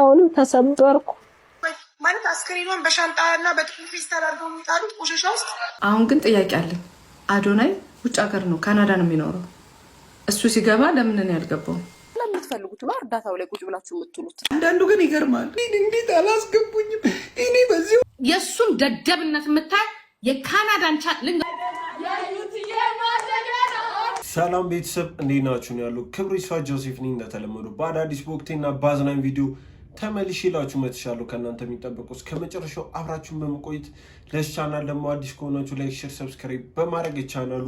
አሁንም ተሰብርኩ። ማለት አስክሬኗን በሻንጣ እና በፌስታል ተደርገው የሚጣሉት ቆሻሻ ውስጥ። አሁን ግን ጥያቄ አለኝ። አዶናይ ውጭ ሀገር ነው፣ ካናዳ ነው የሚኖረው። እሱ ሲገባ ለምን ነው ያልገባው? የምትፈልጉት ነው እርዳታው ላይ ቁጭ ብላችሁ የምትሉት። አንዳንዱ ግን ይገርማል። እንዴት አላስገቡኝም? እኔ በዚሁ የእሱን ደደብነት የምታይ የካናዳን ቻ ል ሰላም ቤተሰብ እንዴት ናችሁ? ያሉ ክብሪ ይስፋ ጆሴፍ ነኝ። እንደተለመዱ በአዳዲስ በወቅቴና በአዝናኝ ቪዲዮ ተመልሼ ላችሁ መጥቻለሁ። ከእናንተ የሚጠበቁ እስከ መጨረሻው አብራችሁን በመቆየት ለቻናል ደግሞ አዲስ ከሆናችሁ ላይክ፣ ሼር፣ ሰብስክራይብ በማድረግ ቻናሉ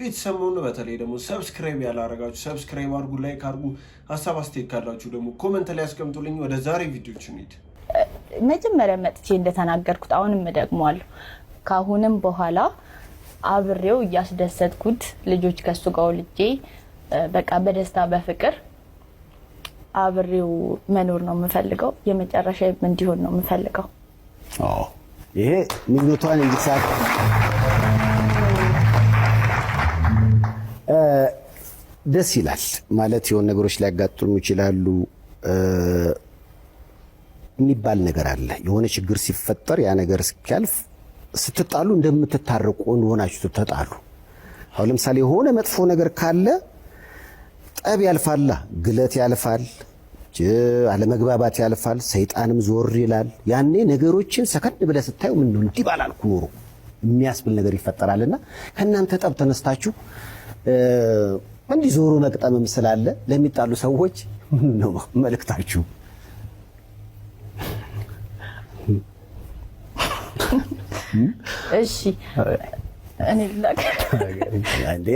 ቤተሰብ መሆኑ በተለይ ደግሞ ሰብስክራይብ ያላረጋችሁ ሰብስክራይብ አድርጉ፣ ላይክ አድርጉ። ሀሳብ አስተያየት ካላችሁ ደግሞ ኮመንት ላይ ያስቀምጡልኝ። ወደ ዛሬ ቪዲዮች እንሂድ። መጀመሪያ መጥቼ እንደተናገርኩት አሁንም እደግመዋለሁ። ከአሁንም በኋላ አብሬው እያስደሰትኩት ልጆች ከሱ ጋር ልጄ በቃ በደስታ በፍቅር አብሬው መኖር ነው የምፈልገው። የመጨረሻ እንዲሆን ነው የምፈልገው። ይሄ ምኞቷን እንዲሳት ደስ ይላል ማለት የሆኑ ነገሮች ሊያጋጥሙ ይችላሉ የሚባል ነገር አለ። የሆነ ችግር ሲፈጠር ያ ነገር እስኪያልፍ ስትጣሉ እንደምትታረቁ እንደሆናችሁ ተጣሉ አሁን ለምሳሌ የሆነ መጥፎ ነገር ካለ ጠብ ያልፋላ፣ ግለት ያልፋል፣ አለመግባባት ያልፋል፣ ሰይጣንም ዞር ይላል። ያኔ ነገሮችን ሰከን ብለህ ስታዩ ምን እንዲህ ባላልኩ ኖሮ የሚያስብል ነገር ይፈጠራልና ከእናንተ ጠብ ተነስታችሁ እንዲህ ዞሮ መቅጠምም ስላለ ለሚጣሉ ሰዎች ምን መልእክታችሁ? እሺ እኔ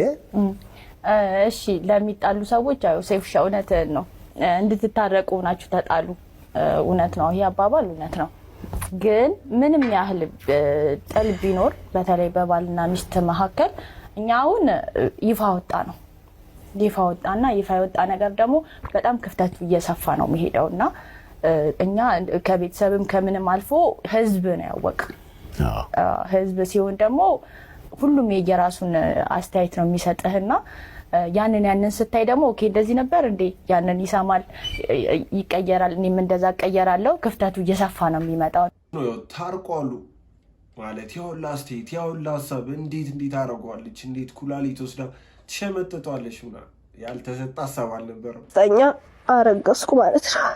እሺ ለሚጣሉ ሰዎች ያው ሴፍሻ እውነትህን ነው፣ እንድትታረቁ ሆናችሁ ተጣሉ። እውነት ነው፣ ይህ አባባል እውነት ነው። ግን ምንም ያህል ጥል ቢኖር በተለይ በባልና ሚስት መካከል እኛ አሁን ይፋ ወጣ ነው ይፋ ወጣና ይፋ የወጣ ነገር ደግሞ በጣም ክፍተቱ እየሰፋ ነው የሚሄደው እና እኛ ከቤተሰብም ከምንም አልፎ ህዝብ ነው ያወቅ ህዝብ ሲሆን ደግሞ ሁሉም የየራሱን አስተያየት ነው የሚሰጥህና ያንን ያንን ስታይ ደግሞ ኦኬ እንደዚህ ነበር እንዴ ያንን ይሰማል፣ ይቀየራል፣ እኔም እንደዛ እቀየራለሁ። ክፍተቱ እየሰፋ ነው የሚመጣው። ታርቋሉ ማለት ያሁላ አስተያየት ያሁላ ሀሳብ እንዴት እንዴት አደርገዋለች እንዴት ኩላሊት ወስዳ ትሸመጥጧለች ምናምን ያልተሰጠ ሀሳብ አልነበረም። ጠኛ አረገዝኩ ማለት ነው።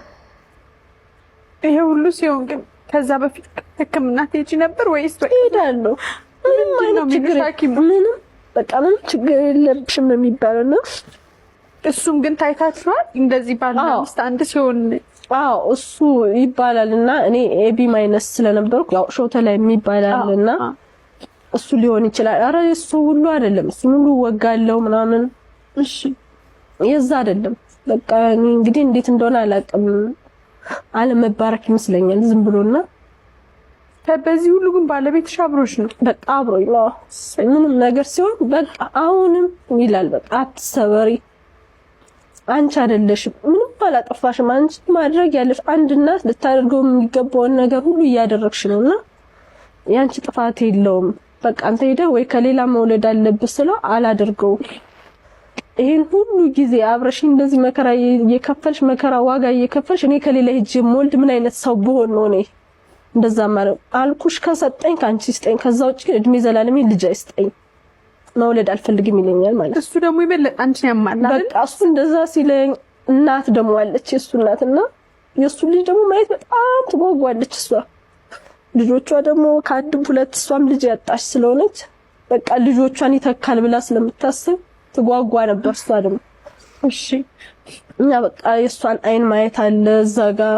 ይሄ ሁሉ ሲሆን ግን ከዛ በፊት ሕክምና ትሄጂ ነበር ወይስ? ሄዳለሁ? ምንም አይነት ችግር ምንም በቃ ምንም ችግር የለብሽም ነው የሚባለው ነው። እሱም ግን ታይታችኋል እንደዚህ ባልና ሚስት አንድ ሲሆን አዎ እሱ ይባላል እና እኔ ኤቢ ማይነስ ስለነበርኩ ያው ሾተ ላይ የሚባላል እና እሱ ሊሆን ይችላል። አረ እሱ ሁሉ አይደለም፣ እሱ ሙሉ ወጋለው ምናምን። እሺ የዛ አይደለም በቃ እንግዲህ እንዴት እንደሆነ አላውቅም። አለመባረክ ይመስለኛል ዝም ብሎና በዚህ ሁሉ ግን ባለቤትሽ አብሮሽ ነው። በቃ አብሮኝ ምንም ነገር ሲሆን በቃ አሁንም ይላል በቃ አትሰበሪ፣ አንቺ አይደለሽም፣ ምንም አላጠፋሽም። አንቺ ማድረግ ያለሽ አንድ እናት ልታደርገው የሚገባውን ነገር ሁሉ እያደረግሽ ነው እና የአንቺ ጥፋት የለውም። በቃ አንተ ሄደህ ወይ ከሌላ መውለድ አለብህ ስለው አላደርገውም። ይሄን ሁሉ ጊዜ አብረሽ እንደዚህ መከራ የከፈልሽ መከራ ዋጋ እየከፈልሽ እኔ ከሌላ ሄጄ የምወልድ ምን አይነት ሰው ብሆን ነው እኔ እንደዛ ማረው አልኩሽ። ከሰጠኝ ከአንቺ ስጠኝ፣ ከዛ ውጭ ግን እድሜ ዘላለሜ ልጅ አይስጠኝ፣ መውለድ አልፈልግም ይለኛል። ማለት እሱ ደግሞ ይበለጥ አንቺን ያማል። በቃ እሱ እንደዛ ሲለኝ እናት ደግሞ አለች የእሱ እናት እና የእሱ ልጅ ደግሞ ማየት በጣም ትጓጓለች። እሷ ልጆቿ ደግሞ ከአንድም ሁለት እሷም ልጅ ያጣች ስለሆነች በቃ ልጆቿን ይተካል ብላ ስለምታስብ ትጓጓ ነበር እሷ ደግሞ እሺ እና በቃ የእሷን አይን ማየት አለ እዛ ጋ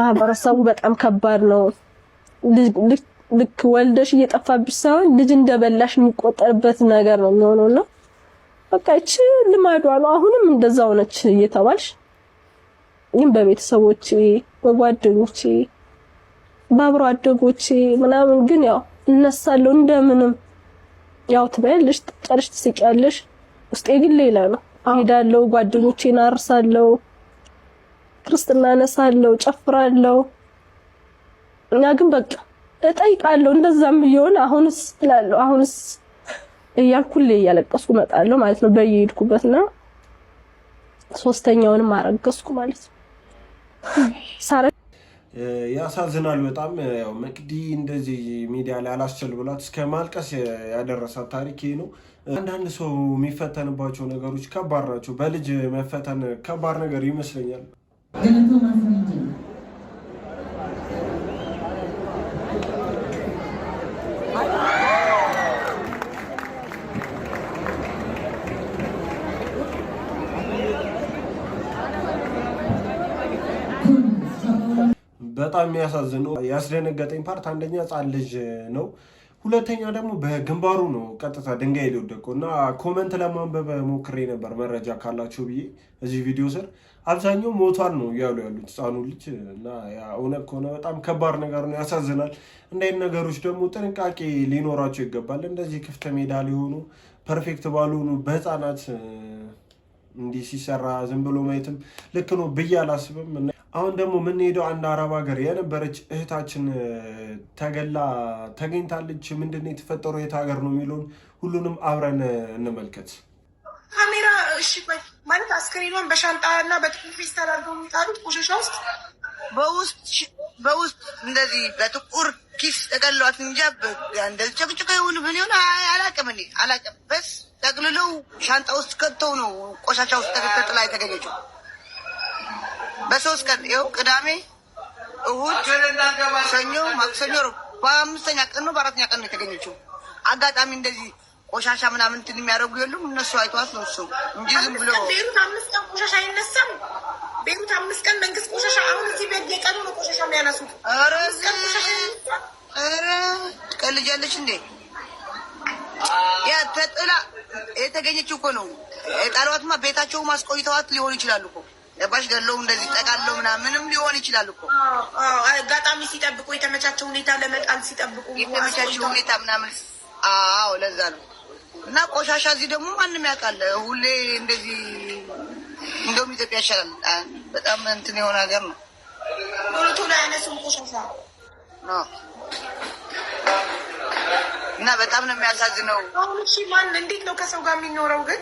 ማህበረሰቡ በጣም ከባድ ነው። ልክ ወልደሽ እየጠፋብሽ ሳይሆን ልጅ እንደበላሽ የሚቆጠርበት ነገር ነው የሚሆነው። እና በቃ ይቺ ልማዷ ነው። አሁንም እንደዛ ሆነች እየተባልሽ ግን በቤተሰቦቼ በጓደኞቼ በአብሮ አደጎቼ ምናምን ግን ያው እነሳለሁ እንደምንም ያው ትበያለሽ፣ ትጨርሽ፣ ትስቂያለሽ። ውስጤ ግን ሌላ ነው። ሄዳለሁ፣ ጓደኞቼን አርሳለሁ፣ ክርስትና ነሳለሁ፣ ጨፍራለሁ። እና ግን በቃ እጠይቃለሁ እንደዛም ቢሆን አሁንስ እላለሁ አሁንስ እያልኩ እያለቀስኩ እመጣለሁ ማለት ነው በየሄድኩበት እና ሶስተኛውንም አረገዝኩ ማለት ነው። ያሳዝናል በጣም ያው መቅዲ እንደዚህ ሚዲያ ላይ አላስችል ብሏት እስከ ማልቀስ ያደረሳት ታሪክ ይሄ ነው። አንዳንድ ሰው የሚፈተንባቸው ነገሮች ከባድ ናቸው። በልጅ መፈተን ከባድ ነገር ይመስለኛል። በጣም የሚያሳዝን ያስደነገጠኝ ፓርት አንደኛ ህፃን ልጅ ነው። ሁለተኛ ደግሞ በግንባሩ ነው ቀጥታ ድንጋይ ሊወደቀው እና ኮመንት ለማንበብ ሞክሬ ነበር መረጃ ካላችሁ ብዬ እዚህ ቪዲዮ ስር አብዛኛው ሞቷል ነው እያሉ ያሉት ህፃኑ ልጅ እና እውነት ከሆነ በጣም ከባድ ነገር ነው፣ ያሳዝናል። እንደይን ነገሮች ደግሞ ጥንቃቄ ሊኖራቸው ይገባል። እንደዚህ ክፍተ ሜዳ ሊሆኑ ፐርፌክት ባልሆኑ በህፃናት እንዲህ ሲሰራ ዝም ብሎ ማየትም ልክ ነው ብዬ አላስብም። አሁን ደግሞ የምንሄደው አንድ አረብ ሀገር የነበረች እህታችን ተገላ ተገኝታለች። ምንድን ነው የተፈጠረው? የት ሀገር ነው የሚለውን ሁሉንም አብረን እንመልከት። ካሜራ እሺ፣ ማለት አስክሬኗን በሻንጣ እና በፌስታል አድርገው የሚጣሉት ቆሻሻ ውስጥ በውስጥ በውስጥ እንደዚህ በጥቁር ኪስ ተቀሏት እንጂ እንደዚህ ጨቅጭቀ የሆኑ ምን ሆነ አላውቅም፣ እኔ አላውቅም። በስ ጠቅልለው ሻንጣ ውስጥ ከተው ነው ቆሻሻ ውስጥ ተጠጥላ የተገኘችው። በሶስት ቀን ይኸው ቅዳሜ፣ እሁድ፣ ሰኞ፣ ማክሰኞ፣ በአምስተኛ ቀን ነው በአራተኛ ቀን ነው የተገኘችው። አጋጣሚ እንደዚህ ቆሻሻ ምናምን እንትን የሚያደርጉ የሉም እነሱ አይተዋት ነው እሱ እንጂ ዝም ብሎ ቤሩት አምስት ቀን ቆሻሻ አይነሳም። ቤሩት አምስት ቀን መንግስት ቆሻሻ አሁን እዚህ ቤት የቀኑ ነው ቆሻሻ የሚያነሱት። ኧረ ኧረ ቀልጃለች እንዴ! ያ ተጥላ የተገኘችው እኮ ነው። ጣሏትማ ቤታቸውም አስቆይተዋት ሊሆን ይችላሉ እኮ ገባሽ ገለው እንደዚህ ጠቃለው ምናምንም ሊሆን ይችላል እኮ አጋጣሚ ሲጠብቁ የተመቻቸ ሁኔታ ለመጣል ሲጠብቁ የተመቻቸ ሁኔታ ምናምን። አዎ ለዛ ነው። እና ቆሻሻ እዚህ ደግሞ ማንም ያውቃል። ሁሌ እንደዚህ እንደውም ኢትዮጵያ ይሻላል። በጣም እንትን የሆነ ሀገር ነው። ቶሎ አይነሱም ቆሻሻ እና በጣም ነው የሚያሳዝነው። አሁን እሺ ማን እንዴት ነው ከሰው ጋር የሚኖረው ግን?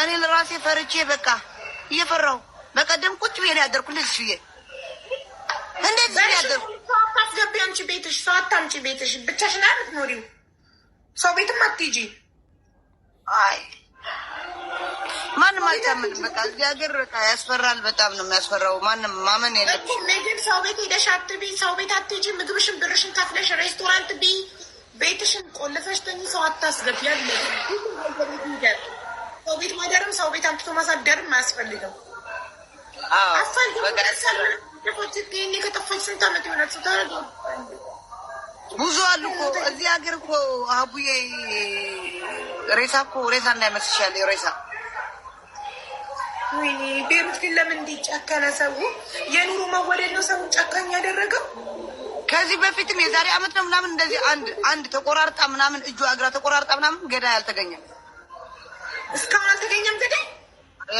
እኔ ለራሴ ፈርቼ በቃ እየፈራው በቀደም ቁጭ ብዬ ነው ያደርኩ። ልጅ ሽዬ እንዴት ነው ያደርኩ? አታስገቢ አንቺ ቤትሽ፣ ሰው አታምጪ ቤትሽ። ብቻሽን የምትኖሪው ሰው ቤትም አትሄጂ። አይ ማንም አይታምን። በቃ እዚህ ሀገር በቃ ያስፈራል። በጣም ነው የሚያስፈራው። ማንም ማመን የለብሽም። ምግብ ሰው ቤት ሄደሽ አትቢ፣ ሰው ቤት አትሄጂ። ምግብሽን ብርሽን ከፍለሽ ሬስቶራንት ቢ፣ ቤትሽን ቆልፈሽ ተኝ። ሰው አታስገቢ ያለ ሰው ቤት ማደርም ሰው ቤት አምጥቶ ማሳደርም አያስፈልግም። ከጠፋች ስንት ዓመት የሆነ ብዙ አሉ እኮ እዚህ ሀገር እኮ አቡዬ ሬሳ እኮ ሬሳ እንዳይመስልሻል። ሬሳ ወይኔ ቤሩት ግን ለምን እንዲጨከነ ሰው የኑሮ መወደድ ነው ሰው ጨካኝ ያደረገው። ከዚህ በፊትም የዛሬ አመት ነው ምናምን እንደዚህ አንድ አንድ ተቆራርጣ ምናምን እጇ እግራ ተቆራርጣ ምናምን ገዳይ አልተገኘም። እስካሁን አልተገኘም። እንግዲህ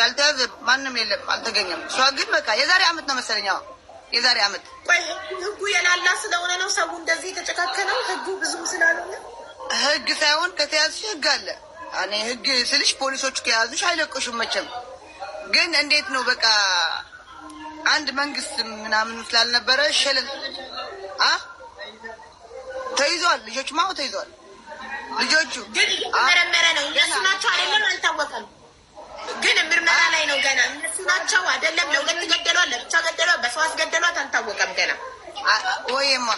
ያልተያዘ ማንም የለም፣ አልተገኘም። እሷ ግን በቃ የዛሬ አመት ነው መሰለኝ። የዛሬ አመት ህጉ የላላ ስለሆነ ነው ሰው እንደዚህ የተጨካከነው። ህጉ ብዙም ስላልሆነ ህግ ሳይሆን ከተያዝሽ ህግ አለ። እኔ ህግ ስልሽ ፖሊሶች ከያዙሽ አይለቁሽም መቼም። ግን እንዴት ነው በቃ አንድ መንግስት ምናምን ስላልነበረ ሸለል ተይዟል። ልጆች ማው ተይዟል ልጆቹ ግን እየተመረመረ ነው። እነሱ ናቸው አይደለም አልታወቀም፣ ግን ምርመራ ላይ ነው ገና። እነሱ ናቸው አይደለም ለሁለት ገደሏት፣ ለብቻ ገደሏት፣ በሰው አስገደሏት፣ አልታወቀም ገና። ወይማ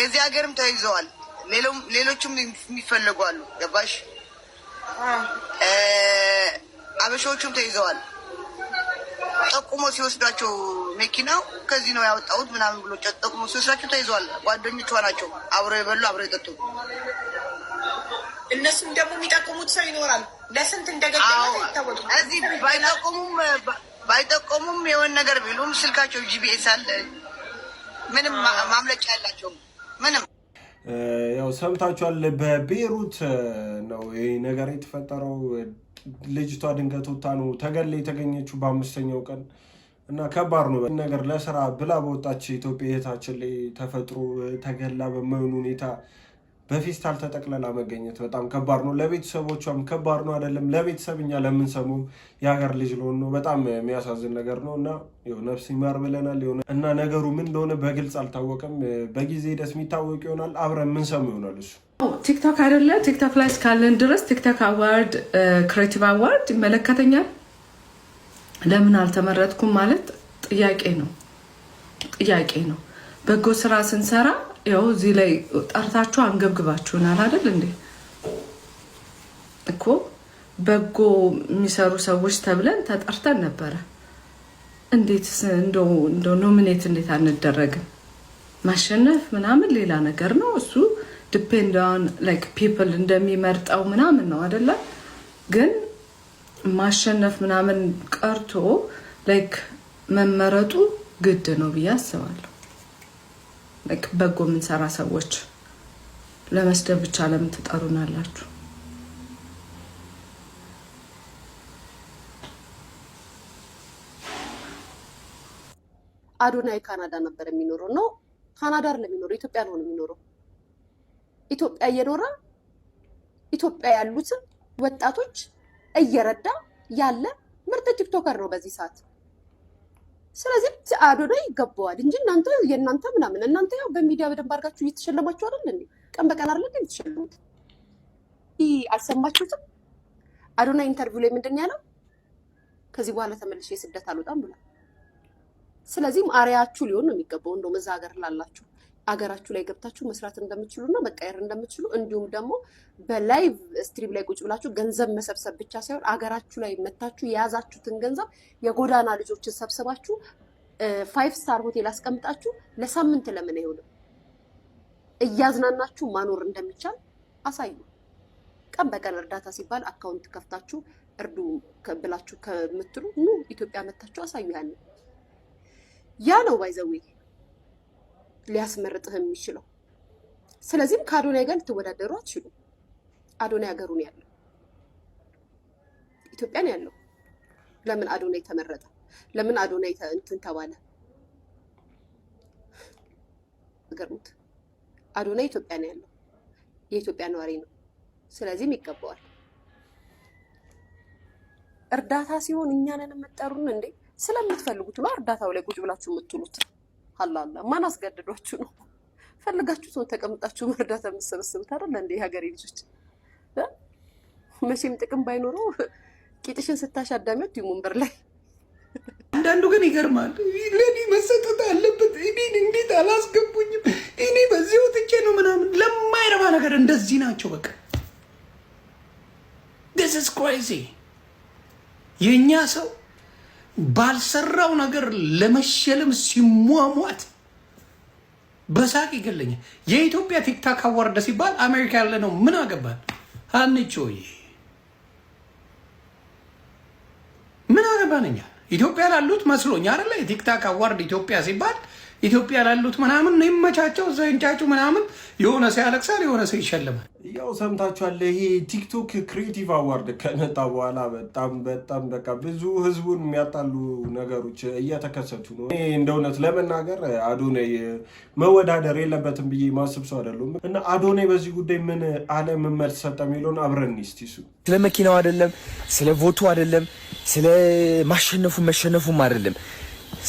የዚህ ሀገርም ተይዘዋል፣ ሌሎቹም የሚፈለጉ አሉ። ገባሽ? አበሻዎቹም ተይዘዋል። ጠቁሞ ሲወስዷቸው መኪናው ከዚህ ነው ያወጣሁት ምናምን ብሎ ጠቁሞ ሲወስዳቸው ተይዘዋል። ጓደኞቿ ናቸው አብረው የበሉ አብረው የጠጡ እነሱም ደግሞ የሚጠቁሙት ሰው ይኖራል። ለስንት እንደገደለ ባይጠቁሙም ባይጠቆሙም ነገር ቢሉም ስልካቸው ጂቢኤስ አለ። ምንም ማምለጫ ያላቸውም ምንም ያው ሰምታችኋል። በቤሩት ነው ይህ ነገር የተፈጠረው። ልጅቷ ድንገት ወታ ነው ተገላ የተገኘችው በአምስተኛው ቀን እና ከባድ ነው ነገር ለስራ ብላ በወጣች ኢትዮጵያ እህታችን ላይ ተፈጥሮ ተገላ በመሆኑ ሁኔታ በፌስታል ተጠቅለላ መገኘት በጣም ከባድ ነው። ለቤተሰቦቿም ከባድ ነው አይደለም። ለቤተሰብ እኛ ለምንሰሙም የሀገር ልጅ ለሆን ነው በጣም የሚያሳዝን ነገር ነው እና ነፍስ ይማር ብለናል። ሆነ እና ነገሩ ምን እንደሆነ በግልጽ አልታወቀም። በጊዜ ሂደት የሚታወቅ ይሆናል። አብረን የምንሰሙ ይሆናል እሱ ቲክቶክ አይደለ ቲክቶክ ላይ እስካለን ድረስ ቲክቶክ አዋርድ ክሬቲቭ አዋርድ ይመለከተኛል። ለምን አልተመረጥኩም ማለት ጥያቄ ነው ጥያቄ ነው። በጎ ስራ ስንሰራ ያው እዚህ ላይ ጠርታችሁ አንገብግባችሁናል አይደል እንዴ? እኮ በጎ የሚሰሩ ሰዎች ተብለን ተጠርተን ነበረ። እንዴት እንደ ኖሚኔት እንዴት አንደረግም? ማሸነፍ ምናምን ሌላ ነገር ነው። እሱ ዲፔንድ ኦን ላይክ ፒፕል እንደሚመርጠው ምናምን ነው አይደለም። ግን ማሸነፍ ምናምን ቀርቶ ላይክ መመረጡ ግድ ነው ብዬ አስባለሁ። በጎ የምንሰራ ሰዎች ለመስደብ ብቻ ለምን ትጠሩናላችሁ? አዶናይ ካናዳ ነበር የሚኖረው ነው። ካናዳ የሚኖረው ኢትዮጵያ ነው የሚኖረው። ኢትዮጵያ እየኖረ ኢትዮጵያ ያሉትን ወጣቶች እየረዳ ያለ ምርጥ ቲክቶከር ነው በዚህ ሰዓት። ስለዚህ አዶና ይገባዋል እንጂ እናንተ የእናንተ ምናምን እናንተ ያው በሚዲያ በደንብ አድርጋችሁ እየተሸለማችሁ አይደል እንዴ? ቀን በቀን አይደል እንዴ የምትሸለሙት? አልሰማችሁትም? አዶና ኢንተርቪው ላይ ምንድን ያለው? ከዚህ በኋላ ተመልሼ ስደት አልወጣም ብሏል። ስለዚህም አሪያችሁ ሊሆን ነው የሚገባው እንደውም እዛ ሀገር ላላችሁ አገራችሁ ላይ ገብታችሁ መስራት እንደምችሉ እና መቀየር እንደምችሉ እንዲሁም ደግሞ በላይቭ ስትሪም ላይ ቁጭ ብላችሁ ገንዘብ መሰብሰብ ብቻ ሳይሆን አገራችሁ ላይ መታችሁ የያዛችሁትን ገንዘብ የጎዳና ልጆችን ሰብስባችሁ ፋይቭ ስታር ሆቴል አስቀምጣችሁ ለሳምንት ለምን አይሆንም እያዝናናችሁ ማኖር እንደሚቻል አሳዩ። ቀን በቀን እርዳታ ሲባል አካውንት ከፍታችሁ እርዱ ብላችሁ ከምትሉ ኑ ኢትዮጵያ መታችሁ አሳዩ። ያለ ያ ነው ባይዘዌ ሊያስመርጥህ የሚችለው። ስለዚህም ከአዶናይ ጋር ልትወዳደሩ አትችሉ። አዶናይ ሀገሩን ያለው ኢትዮጵያን ያለው ለምን አዶናይ ተመረጠ? ለምን አዶናይ እንትን ተባለ? ገርሙት። አዶናይ ኢትዮጵያን ያለው፣ የኢትዮጵያ ነዋሪ ነው። ስለዚህም ይገባዋል። እርዳታ ሲሆን እኛንን የምጠሩን እንዴ? ስለምትፈልጉት ነው እርዳታው ላይ ቁጭ ብላችሁ የምትሉት። አላለ ማን አስገድዷችሁ ነው? ፈልጋችሁ ሰው ተቀምጣችሁ መርዳት የምትሰበስቡት አይደል? እንዴ? የሀገሬ ልጆች መቼም ጥቅም ባይኖረው ቂጥሽን ስታሽ አዳሚዎች ወንበር ላይ አንዳንዱ ግን ይገርማል። ለኔ መሰጠት አለበት። እኔን እንዴት አላስገቡኝም? እኔ በዚህ ወጥቼ ነው ምናምን ለማይረባ ነገር እንደዚህ ናቸው። በቃ ዲስ ኢዝ ክሬዚ የእኛ ሰው ባልሰራው ነገር ለመሸለም ሲሟሟት በሳቅ ይገለኛል። የኢትዮጵያ ቲክታክ አዋርደ ሲባል አሜሪካ ያለ ነው ምን አገባን? አንቺሆይ ምን አገባን ኢትዮጵያ ላሉት መስሎኝ አይደለ? የቲክታክ አዋርድ ኢትዮጵያ ሲባል ኢትዮጵያ ላሉት ምናምን ነው ይመቻቸው፣ እዛ ይንጫጩ ምናምን። የሆነ ሰው ያለቅሳል፣ የሆነ ሰው ይሸልማል። ያው ሰምታችኋል። ይሄ ቲክቶክ ክሪኤቲቭ አዋርድ ከመጣ በኋላ በጣም በጣም በቃ ብዙ ህዝቡን የሚያጣሉ ነገሮች እየተከሰቱ ነው። እኔ እንደ እውነት ለመናገር አዶናይ መወዳደር የለበትም ብዬ ማስብ ሰው አይደለም እና አዶናይ በዚህ ጉዳይ ምን አለ ምን መልስ ሰጠ የሚለውን አብረን እስቲ እሱ ስለ መኪናው አይደለም፣ ስለ ቮቱ አይደለም፣ ስለ ማሸነፉ መሸነፉም አይደለም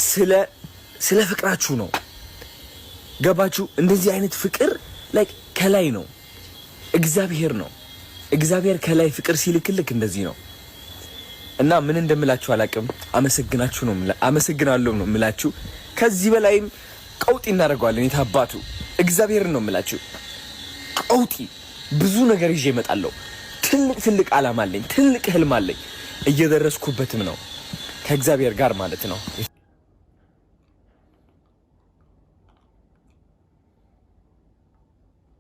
ስለ ስለ ፍቅራችሁ ነው። ገባችሁ? እንደዚህ አይነት ፍቅር ላይ ከላይ ነው፣ እግዚአብሔር ነው። እግዚአብሔር ከላይ ፍቅር ሲልክልክ እንደዚህ ነው። እና ምን እንደምላችሁ አላቅም። አመሰግናችሁ ነው አመሰግናለሁ ነው የምላችሁ። ከዚህ በላይም ቀውጢ እናደርገዋለን። የታባቱ እግዚአብሔርን ነው የምላችሁ። ቀውጢ ብዙ ነገር ይዤ እመጣለሁ። ትልቅ ትልቅ አላማ አለኝ። ትልቅ ህልም አለኝ። እየደረስኩበትም ነው ከእግዚአብሔር ጋር ማለት ነው።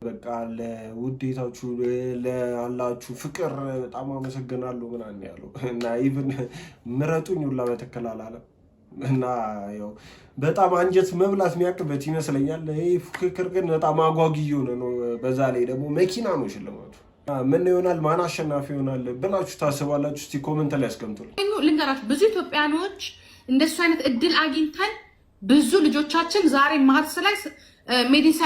በቃ ለውዴታችሁ ላላችሁ ፍቅር በጣም አመሰግናለሁ ምናምን ያለው እና ኢቭን ምረጡኝ ሁላ መተከል አላለም። እና ያው በጣም አንጀት መብላት የሚያቅበት ይመስለኛል። ይህ ፉክክር ግን በጣም አጓጊ የሆነ ነው። በዛ ላይ ደግሞ መኪና ነው ሽልማቱ። ምን ይሆናል ማን አሸናፊ ይሆናል ብላችሁ ታስባላችሁ? እስቲ ኮመንት ላይ ያስቀምጡልኝ። ልንገራችሁ ብዙ ኢትዮጵያኖች እንደሱ አይነት እድል አግኝተን ብዙ ልጆቻችን ዛሬ ማርስ ላይ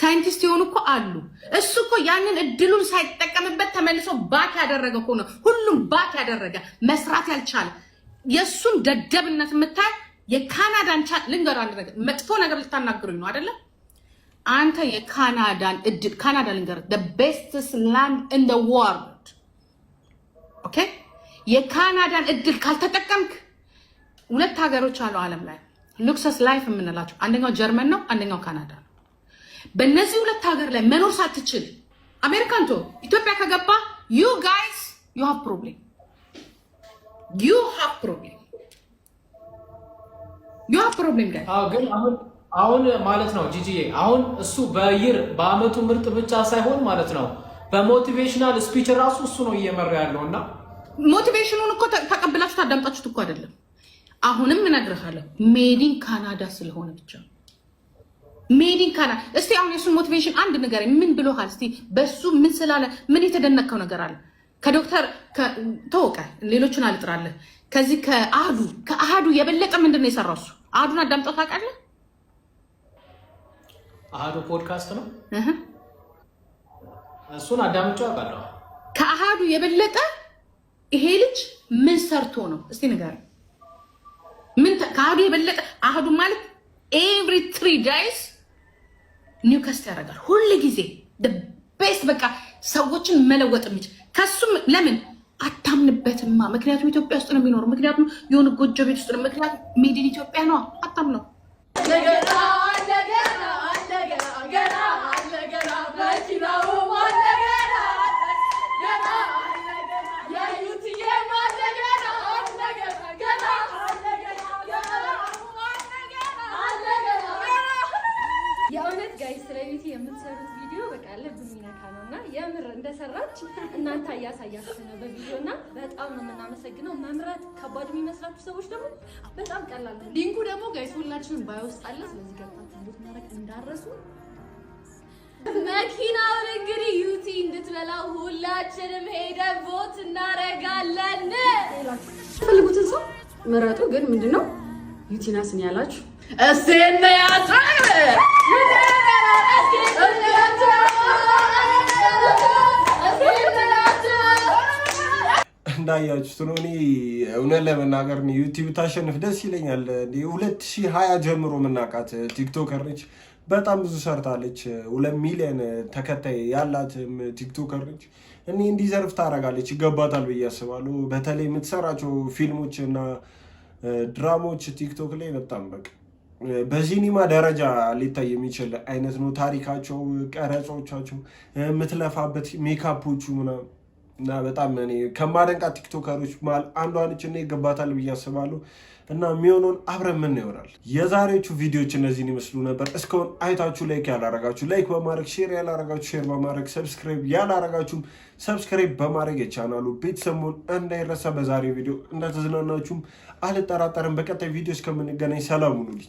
ሳይንቲስት የሆኑ እኮ አሉ። እሱ እኮ ያንን እድሉን ሳይጠቀምበት ተመልሶ ባክ ያደረገ እኮ ነው። ሁሉም ባክ ያደረገ መስራት ያልቻለ የእሱን ደደብነት የምታይ የካናዳን ቻ ልንገር፣ አንድ ነገር መጥፎ ነገር ልታናግሩኝ ነው አይደለም? አንተ የካናዳን እድል ካናዳ ልንገር፣ ቤስትስ ላንድ ኢን ወርልድ ኦኬ። የካናዳን እድል ካልተጠቀምክ ሁለት ሀገሮች አሉ አለም ላይ ሉክሰስ ላይፍ የምንላቸው አንደኛው ጀርመን ነው፣ አንደኛው ካናዳ ነው። በእነዚህ ሁለት ሀገር ላይ መኖር ሳትችል አሜሪካን ቶ ኢትዮጵያ ከገባ ዩ ጋይስ ዩ ሃቭ ፕሮብሌም ዩ ሃቭ ፕሮብሌም ዩ ሃቭ ፕሮብሌም ግን አሁን ማለት ነው ጂጂዬ፣ አሁን እሱ በይር በአመቱ ምርጥ ብቻ ሳይሆን ማለት ነው በሞቲቬሽናል ስፒች ራሱ እሱ ነው እየመራ ያለው እና ሞቲቬሽኑን እኮ ተቀብላችሁ ታዳምጣችሁት እኮ አይደለም አሁንም እነግርሃለሁ ሜዲን ካናዳ ስለሆነ ብቻ ሜዲን ካና እስቲ አሁን የሱን ሞቲቬሽን አንድ ነገር ምን ብሎሃል? እስቲ በሱ ምን ስላለ ምን የተደነቀው ነገር አለ? ከዶክተር ተወቀ ሌሎችን አልጥራለህ። ከዚህ ከአህዱ ከአህዱ የበለጠ ምንድን ነው የሰራው እሱ? አህዱን አዳምጠው ታውቃለህ? አህዱ ፖድካስት ነው እሱን አዳምጬው አውቃለሁ። ከአህዱ የበለጠ ይሄ ልጅ ምን ሰርቶ ነው እስቲ ንገረኝ። ምን ከአህዱ የበለጠ አህዱ ማለት ኤቭሪ ትሪ ዳይስ ኒውከስት ያደርጋል። ሁል ጊዜ ቤስት በቃ ሰዎችን መለወጥ የሚችል ከሱም ለምን አታምንበትማ። ምክንያቱም ኢትዮጵያ ውስጥ ነው የሚኖሩ፣ ምክንያቱም የሆነ ጎጆ ቤት ውስጥ ነው፣ ምክንያቱም ሜድን ኢትዮጵያ ነው። አታም ነው ያላችሁ ሰዎች ደግሞ በጣም ቀላል ነው። ሊንኩ ደግሞ ጋይስ ሁላችሁም ባዮ ውስጥ አለ። ስለዚህ ገብታችሁ እንዴት ማድረግ እንዳረሱ መኪናውን እንግዲህ ዩቲ እንድትበላው ሁላችንም ሄደን ቦት እናረጋለን። ፈልጉትን ሰው ምረጡ። ግን ምንድነው ዩቲናስን ያላችሁ እስቲ እናያቸው እንዳያችሁት ነው። እኔ እውነት ለመናገር ዩቲዩብ ታሸንፍ ደስ ይለኛል። ሁለት ሺህ ሀያ ጀምሮ የምናውቃት ቲክቶከር ነች። በጣም ብዙ ሰርታለች። ሁለት ሚሊዮን ተከታይ ያላትም ቲክቶከር ነች። እኔ እንዲዘርፍ ታደርጋለች፣ ይገባታል ብዬ አስባለሁ። በተለይ የምትሰራቸው ፊልሞች እና ድራማዎች ቲክቶክ ላይ በጣም በቃ በሲኒማ ደረጃ ሊታይ የሚችል አይነት ነው። ታሪካቸው፣ ቀረጾቻቸው፣ የምትለፋበት ሜካፖቹ ምናምን እና በጣም እኔ ከማደንቃ ቲክቶከሮች መሃል አንዷ ነች እና ይገባታል ብዬ አስባለሁ። እና የሚሆነውን አብረን ምን ይሆናል። የዛሬዎቹ ቪዲዮዎች እነዚህን ይመስሉ ነበር። እስካሁን አይታችሁ ላይክ ያላረጋችሁ ላይክ በማድረግ ሼር ያላረጋችሁ ሼር በማድረግ ሰብስክራይብ ያላረጋችሁም ሰብስክራይብ በማድረግ የቻናሉ ቤተሰብ እንዳይረሳ። በዛሬ ቪዲዮ እንደተዝናናችሁም አልጠራጠርም። በቀጣይ ቪዲዮ እስከምንገናኝ ሰላም ሁኑልኝ።